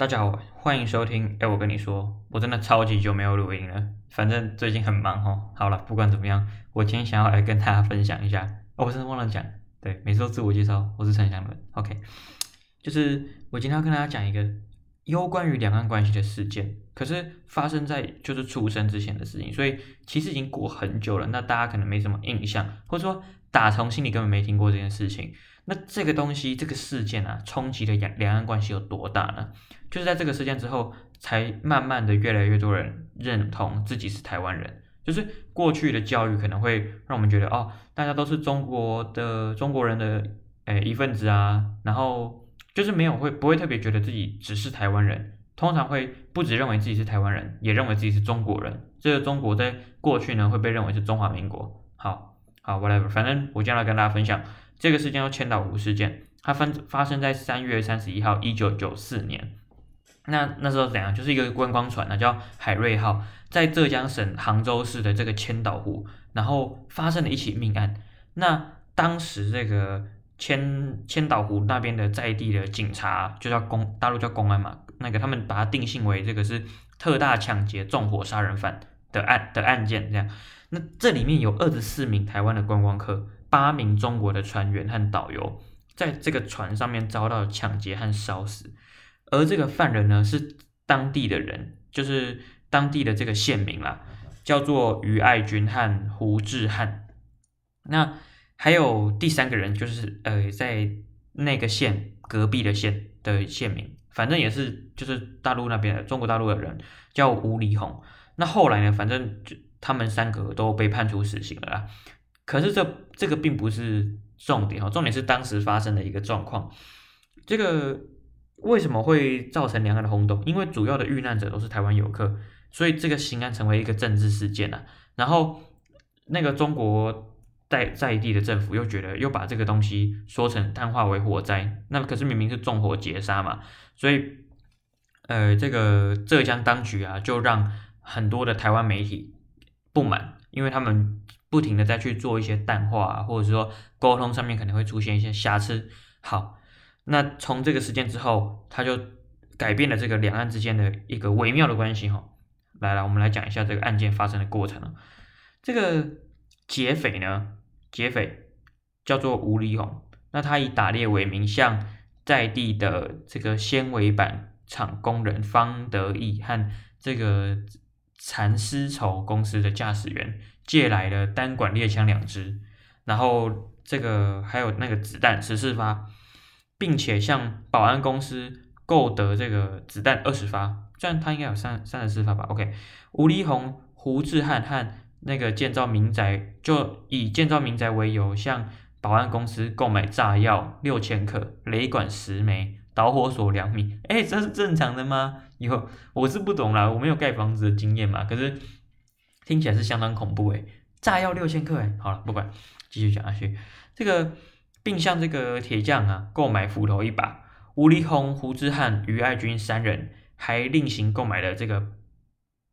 大家好，歡迎收聽。誒，我跟你說，我真的超級久沒有錄音了，反正最近很忙哦。好了，不管怎麼樣，我今天想要來跟大家分享一下。哦，我真的忘了講，對，每次都自我介紹，我是陳祥倫。OK，就是我今天要跟大家講一個有關於兩岸關係的事件，可是發生在就是出生之前的事情，所以其實已經過很久了。那大家可能沒什麼印象，或者說打從心裡根本沒聽過這件事情。那這個東西，這個事件啊，衝擊的兩兩岸關係有多大呢？就是在這個事件之後，才慢慢的越來越多人認同自己是臺灣人。就是過去的教育可能會讓我們覺得，哦，大家都是中國的中國人的誒、欸、一份子啊，然後就是沒有會不會特別覺得自己只是臺灣人，通常會不只認為自己是臺灣人，也認為自己是中國人。這個中國在過去呢會被認為是中華民國。好，好，whatever，反正我今天來跟大家分享。這個事件叫千島湖事件，它分發生在三月三十一號，一九九四年。那那時候怎樣？就是一個觀光船啊，那叫海瑞號，在浙江省杭州市的這個千島湖，然後發生了一起命案。那當時這個千千島湖那邊的在地的警察，就叫公大陸叫公安嘛，那個他們把它定性為這個是特大搶劫縱火殺人犯的案的案件這樣。那這裡面有二十四名台灣的觀光客。八名中國的船員和導遊在這個船上面遭到搶劫和燒死，而這個犯人呢，是當地的人，就是當地的這個縣民啦，叫做余愛軍和胡志漢。那還有第三個人就是呃，在那個縣隔壁的縣的縣民，反正也是就是大陸那邊的中國大陸的人，叫吳黎宏。那後來呢，反正就他們三個都被判處死刑了啦。可是這這個並不是重點哈，重點是當時發生的一個狀況，這個為什麼會造成兩岸的轟動？因為主要的遇難者都是台灣遊客，所以這個刑案成為一個政治事件了，啊。然後那個中國在在地的政府又覺得又把這個東西說成淡化為火災，那可是明明是縱火劫殺嘛，所以呃這個浙江當局啊就讓很多的台灣媒體不滿，因為他們。不停的再去做一些淡化，啊，或者說溝通上面可能會出現一些瑕疵。好，那從這個事件之後，他就改變了這個兩岸之間的一個微妙的關係。哈，來來，我們來講一下這個案件發生的過程。這個劫匪呢，劫匪叫做吳黎宏，那他以打獵為名，向在地的這個纖維板廠工人方德意和這個蠶絲綢公司的駕駛員。借來的單管獵槍兩支，然後這個還有那個子彈十四發，並且向保安公司購得這個子彈二十發，這樣他應該有三三十四發吧？OK，吳立紅、胡志漢和那個建造民宅，就以建造民宅為由向保安公司購買炸藥六千克、雷管十枚、導火索兩米。哎，這是正常的嗎？以後我是不懂了，我沒有蓋房子的經驗嘛，可是。聽起來是相當恐怖誒、欸，炸藥六千克誒、欸，好了，不管，繼續講下去。這個並向這個鐵匠啊購買斧頭一把，吳立紅、胡志漢、余愛軍三人還另行購買了這個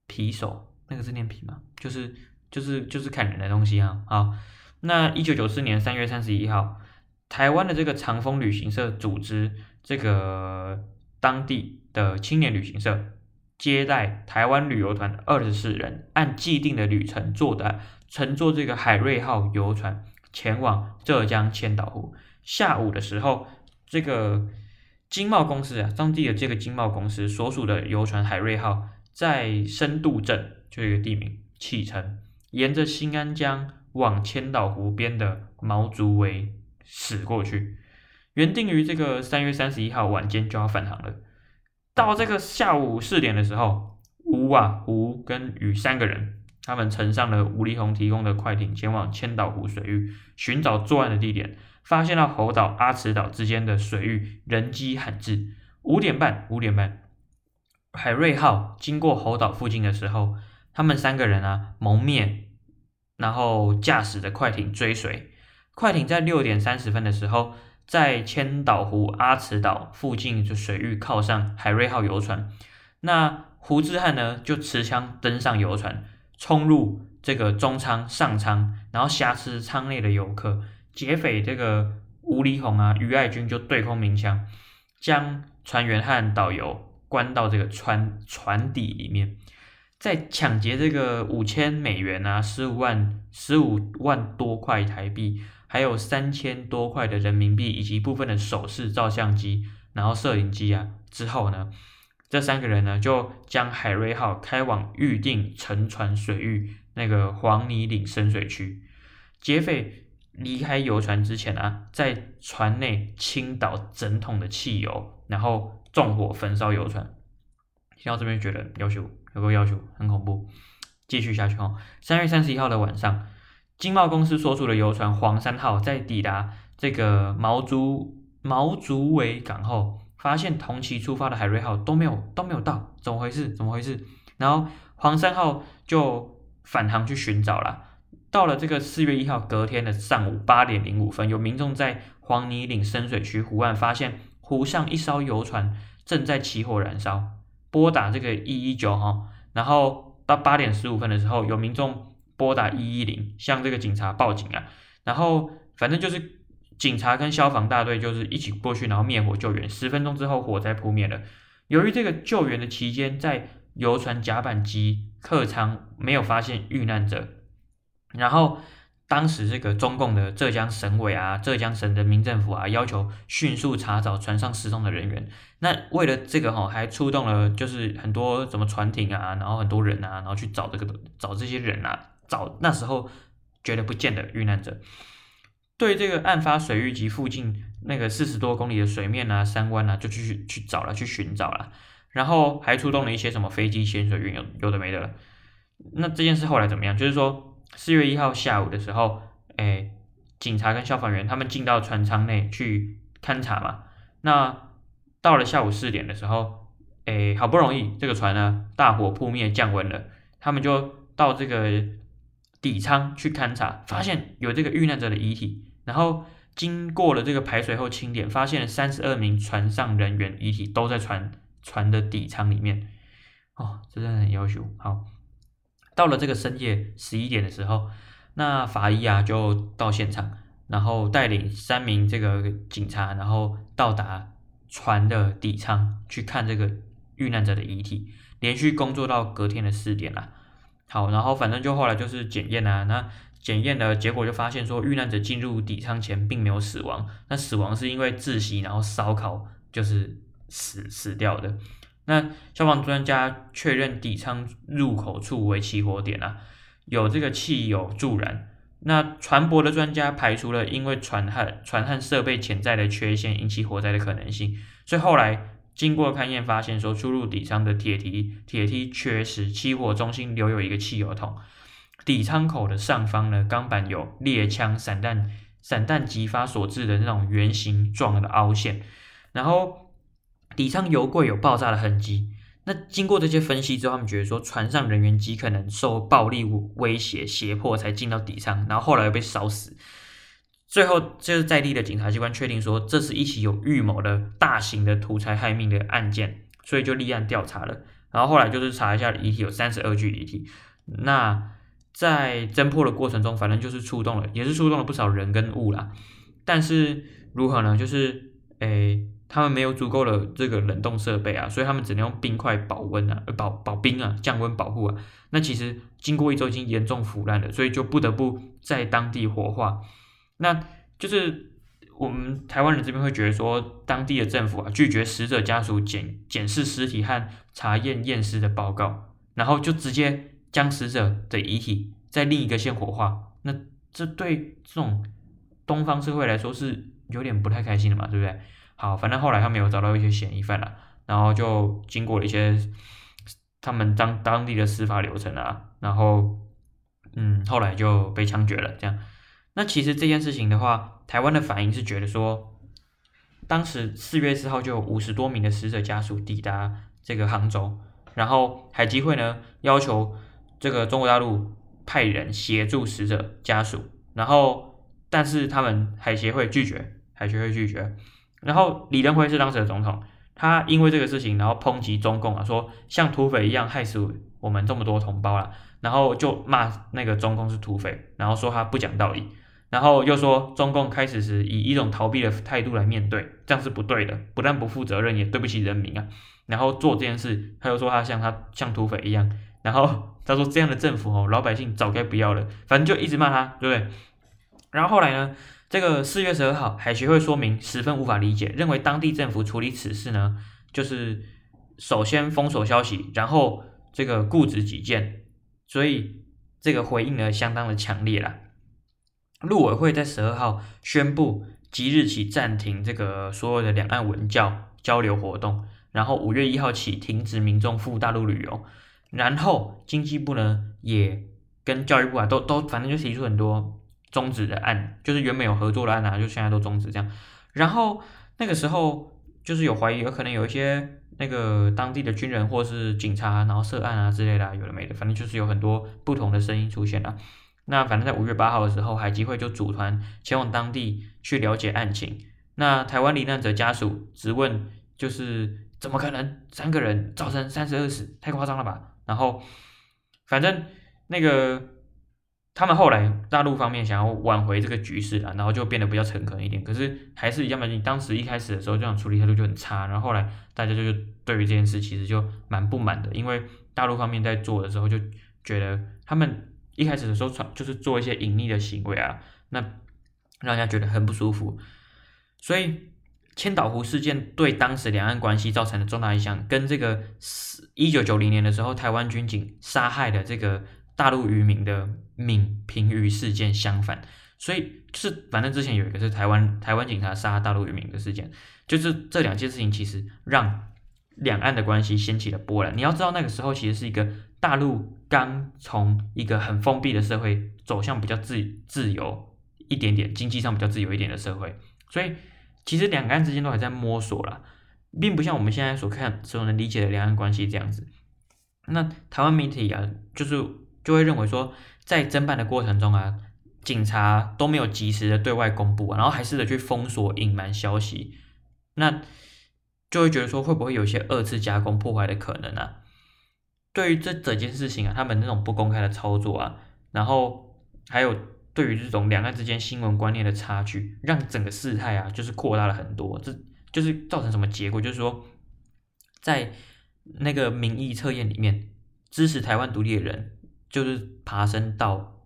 匕首，那個字念匕嗎？就是就是就是砍人的東西啊。好，那一九九四年三月三十一號，台灣的這個長風旅行社組織這個當地的青年旅行社，接待台灣旅遊團二十四人，按既定的旅程作的，乘坐這個海瑞號遊船前往浙江千島湖。下午的時候，這個經貿公司啊，當地的這個經貿公司所屬的遊船海瑞號在深渡鎮，就一個地名，啟程，沿着新安江往千島湖邊的毛竹圍駛過去，原定於這個三月三十一號晚間就要返航了。到這個下午四點的時候，吳啊、吳跟雨三個人，他們乘上了吳立紅提供的快艇，前往千島湖水域尋找作案的地點。發現了猴島、阿慈島之間的水域人跡罕至。五點半，五點半，海瑞號經過猴島附近的時候，他們三個人啊蒙面，然後駕駛著快艇追隨。快艇在六點三十分的時候，在千島湖阿慈島附近就水域靠上海瑞號遊船，那胡志漢呢，就持槍登上遊船，衝入這個中艙上艙，然後挾持艙內的遊客。劫匪這個吳黎宏啊余愛軍就對空鳴槍，將船員和導遊關到這個船船底裡面再搶劫這個五千美元啊十五萬十五萬多塊台幣。還有三千多塊的人民幣，以及部分的首飾、照相機，然後攝影機啊。之後呢，這三個人呢就將海瑞號開往預定沉船水域那個黃泥嶺深水區。劫匪離開遊船之前啊，在船內傾倒整桶的汽油，然後縱火焚燒遊船。聽到這邊覺得要求，有個要求，很恐怖。繼續下去哦，三月三十一號的晚上。經貿公司所屬的遊船“黃山號”在抵達這個毛竹毛竹圍港後，發現同期出發的“海瑞號”都沒有都沒有到，怎麼回事？怎麼回事？然後“黃山號”就返航去尋找了。到了這個四月一號隔天的上午八點零五分，有民眾在黃泥嶺深水區湖岸發現湖上一艘遊船正在起火燃燒，撥打這個一一九哈，然後到八點十五分的時候，有民眾。撥打一一零向這個警察報警啊，然後反正就是警察跟消防大隊就是一起過去，然後滅火救援。十分鐘之後，火災撲滅了。由於這個救援的期間，在遊船甲板及客艙沒有發現遇難者，然後當時這個中共的浙江省委啊，浙江省人民政府啊，要求迅速查找船上失蹤的人員。那為了這個哈、哦，還出動了就是很多什麼船艇啊，然後很多人啊，然後去找這個找這些人啊。找那時候覺得不見的遇難者，對這個案發水域及附近那個四十多公里的水面吶、啊、山灣吶、啊，就繼續去找了，去尋找了。然後還出動了一些什麼飛機、潛水員，有有的沒的了。那這件事後來怎麼樣？就是說四月一號下午的時候，誒、欸，警察跟消防員他們進到船艙內去勘察嘛。那到了下午四點的時候，誒、欸，好不容易這個船呢大火撲滅、降溫了，他們就到這個。底艙去勘察，發現有這個遇難者的遺體，然後經過了這個排水後清點，發現了三十二名船上人員遺體都在船船的底艙裡面。哦，真的很優秀。好，到了這個深夜十一點的時候，那法醫啊就到現場，然後帶領三名這個警察，然後到達船的底艙去看這個遇難者的遺體，連續工作到隔天的四點了啊。好，然後反正就後來就是檢驗啊，那檢驗的結果就發現說遇難者進入底艙前並沒有死亡，那死亡是因為窒息，然後燒烤就是死死掉的。那消防專家確認底艙入口處為起火點啊，有這個汽油助燃。那船舶的專家排除了因為船和船和設備潛在的缺陷引起火災的可能性，所以後來。經過勘驗發現，說出入底艙的鐵梯鐵梯缺失，起火中心留有一個汽油桶，底艙口的上方呢鋼板有獵槍散彈散彈擊發所致的那種圓形狀的凹陷，然後底艙油櫃有爆炸的痕跡。那經過這些分析之後，他們覺得說船上人員極可能受暴力威脅脅迫才進到底艙，然後後來又被燒死。最後，就是在地的警察機關確定說，這是一起有預謀的大型的圖財害命的案件，所以就立案調查了。然後後來就是查一下遺體，有三十二具遺體。那在偵破的過程中，反正就是出動了，也是出動了不少人跟物啦。但是如何呢？就是誒、欸，他們沒有足夠的這個冷凍設備啊，所以他們只能用冰塊保溫啊，保保冰啊，降溫保護啊。那其實經過一周已經嚴重腐爛了，所以就不得不在當地火化。那就是我們台灣人這邊會覺得說，當地的政府啊拒絕死者家屬檢檢視屍體和查驗驗屍的報告，然後就直接將死者的遺體在另一個縣火化。那這對這種東方社會來說是有點不太開心的嘛，對不對？好，反正後來他們有找到一些嫌疑犯了啊，然後就經過了一些他們當當地的司法流程啊，然後嗯，後來就被槍決了，這樣。那其實這件事情的話，台灣的反應是覺得說，當時四月四號就有五十多名的死者家屬抵達這個杭州，然後海基會呢要求這個中國大陸派人協助死者家屬，然後但是他們海協會拒絕，海協會拒絕，然後李登輝是當時的總統，他因為這個事情然後抨擊中共啊，說像土匪一樣害死我們這麼多同胞啊。然後就罵那個中共是土匪，然後說他不講道理。然後又說，中共開始時以一種逃避的態度來面對，這樣是不對的，不但不負責任，也對不起人民啊。然後做這件事，他又說他像他像土匪一樣。然後他說這樣的政府哦，老百姓早該不要了，反正就一直罵他，對不對？然後後來呢，這個四月十二號，海協會說明十分無法理解，認為當地政府處理此事呢，就是首先封鎖消息，然後這個固執己見，所以這個回應呢相當的強烈啦。陸委會在十二號宣佈，即日起暫停這個所有的兩岸文教交流活動，然後五月一號起停止民眾赴大陸旅遊，然後經濟部呢也跟教育部啊都都反正就提出很多終止的案，就是原本有合作的案啊，就現在都終止這樣。然後那個時候就是有懷疑，有可能有一些那個當地的軍人或是警察，然後涉案啊之類的啊，有的沒的，反正就是有很多不同的聲音出現了啊。那反正，在五月八號的時候，海基會就組團前往當地去了解案情。那台灣罹難者家屬質問，就是怎麼可能三個人造成三十二死，太誇張了吧？然後，反正那個他們後來大陸方面想要挽回這個局勢了，然後就變得比較誠懇一點。可是，還是要麼你當時一開始的時候這樣處理態度就很差，然後後來大家就對於這件事其實就蠻不滿的，因為大陸方面在做的時候就覺得他們。一開始的時候，就是做一些隱匿的行為啊，那讓人家覺得很不舒服。所以千島湖事件對當時兩岸關係造成的重大影響，跟這個一九九零年的時候台灣軍警殺害的這個大陸漁民的閩平漁事件相反。所以就是反正之前有一個是台灣台灣警察殺大陸漁民的事件，就是這兩件事情其實讓。兩岸的關係掀起了波瀾。你要知道，那個時候其實是一個大陸剛從一個很封閉的社會走向比較自自由一點點、經濟上比較自由一點的社會，所以其實兩岸之間都還在摸索啦，並不像我們現在所看、所能理解的兩岸關係這樣子。那台灣媒體啊，就是就會認為說，在偵辦的過程中啊，警察都沒有及時的對外公布啊，然後還試着去封鎖、隱瞞消息。那。就會覺得說，會不會有些二次加工破壞的可能啊？對於這整件事情啊，他們那種不公開的操作啊，然後還有對於這種兩岸之間新聞觀念的差距，讓整個事態啊就是擴大了很多。這就是造成什麼結果？就是說，在那個民意測驗裡面，支持台灣獨立的人就是爬升到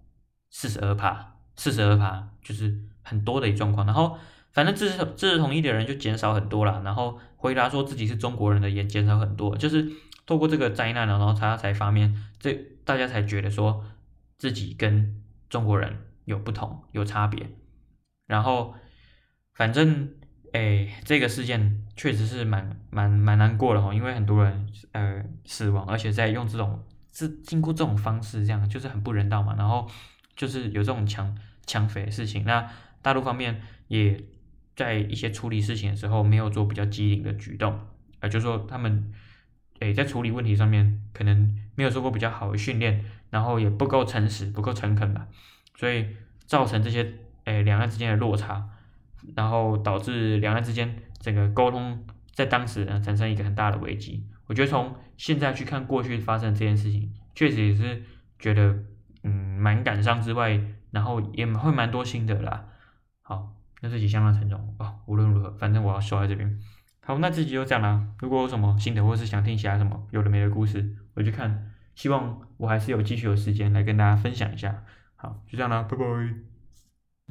四十二趴，四十二趴就是很多的一狀況。然後，反正支持支持統一的人就減少很多了，然後。回答說自己是中國人的也減少很多，就是透過這個災難，然後他才發明，這大家才覺得說自己跟中國人有不同，有差別。然後反正，哎、欸，這個事件確實是蠻蠻蠻難過的哈，因為很多人呃死亡，而且在用這種是經過這種方式，這樣就是很不人道嘛。然後就是有這種搶搶匪的事情，那大陸方面也。在一些處理事情的時候，沒有做比較機靈的舉動，啊，就是說他們，誒、欸，在處理問題上面，可能沒有做過比較好的訓練，然後也不夠誠實，不夠誠懇吧，所以造成這些，誒、欸，兩岸之間的落差，然後導致兩岸之間整個溝通在當時呢，產生一個很大的危機。我覺得從現在去看過去發生這件事情，確實也是覺得，嗯，蠻感傷之外，然後也會蠻多心得啦。好。那這集相當沉重哦。無論如何，反正我要守在這邊。好，那這集就這樣啦、啊。如果有什麼心得或是想聽其他什麼有的沒的故事，我去看。希望我還是有繼續有時間來跟大家分享一下。好，就這樣啦、啊，拜拜。